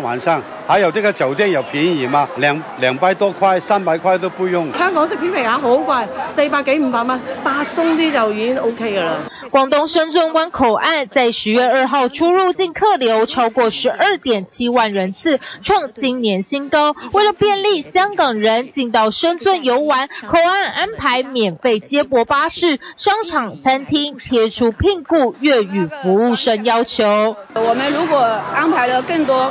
晚上，還有這個酒店也便宜嘛，兩兩百多塊三百塊都不用。香港食片皮蟹好貴，四百幾五百蚊，八鬆啲就已經 OK 㗎啦。廣東深圳灣口岸在十月二號出入境客流超過十二點七萬人次，創今年新高。為了便利香港人進到深圳遊玩，口岸安排免費接駁巴士，商場餐廳、餐廳貼出聘雇粵語服務生要求。我們如果安排了更多。